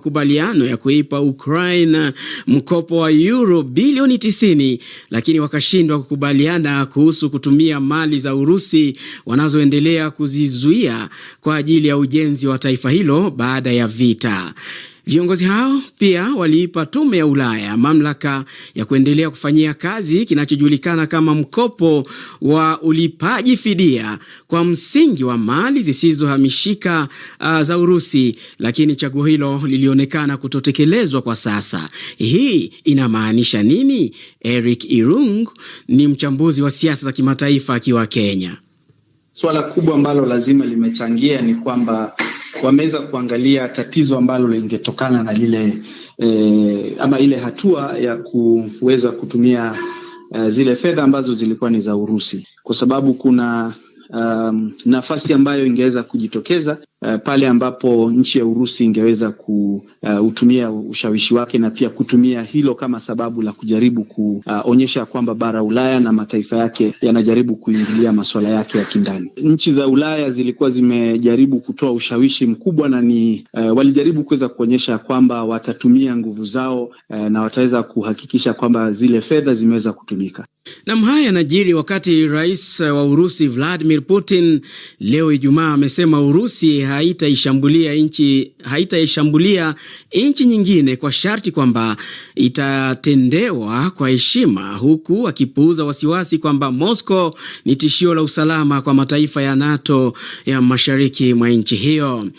makubaliano ya kuipa Ukraine mkopo wa euro bilioni 90 lakini wakashindwa kukubaliana kuhusu kutumia mali za Urusi wanazoendelea kuzizuia kwa ajili ya ujenzi wa taifa hilo baada ya vita. Viongozi hao pia waliipa tume ya Ulaya mamlaka ya kuendelea kufanyia kazi kinachojulikana kama mkopo wa ulipaji fidia kwa msingi wa mali zisizohamishika uh, za Urusi, lakini chaguo hilo lilionekana kutotekelezwa kwa sasa. Hii inamaanisha nini? Eric Irung ni mchambuzi wa siasa za kimataifa akiwa Kenya. Swala kubwa ambalo lazima limechangia ni kwamba wameweza kuangalia tatizo ambalo lingetokana na lile eh, ama ile hatua ya kuweza kutumia eh, zile fedha ambazo zilikuwa ni za Urusi kwa sababu kuna Um, nafasi ambayo ingeweza kujitokeza uh, pale ambapo nchi ya Urusi ingeweza ku uh, utumia ushawishi wake na pia kutumia hilo kama sababu la kujaribu kuonyesha uh, kwamba bara Ulaya na mataifa yake yanajaribu kuingilia masuala yake ya kindani. Nchi za Ulaya zilikuwa zimejaribu kutoa ushawishi mkubwa na ni uh, walijaribu kuweza kuonyesha kwamba watatumia nguvu zao uh, na wataweza kuhakikisha kwamba zile fedha zimeweza kutumika. Nam, haya yanajiri wakati rais wa Urusi Vladimir Putin leo Ijumaa amesema Urusi haitaishambulia nchi haitaishambulia nchi nyingine kwa sharti kwamba itatendewa kwa heshima, huku akipuuza wasiwasi kwamba Moscow ni tishio la usalama kwa mataifa ya NATO ya mashariki mwa nchi hiyo.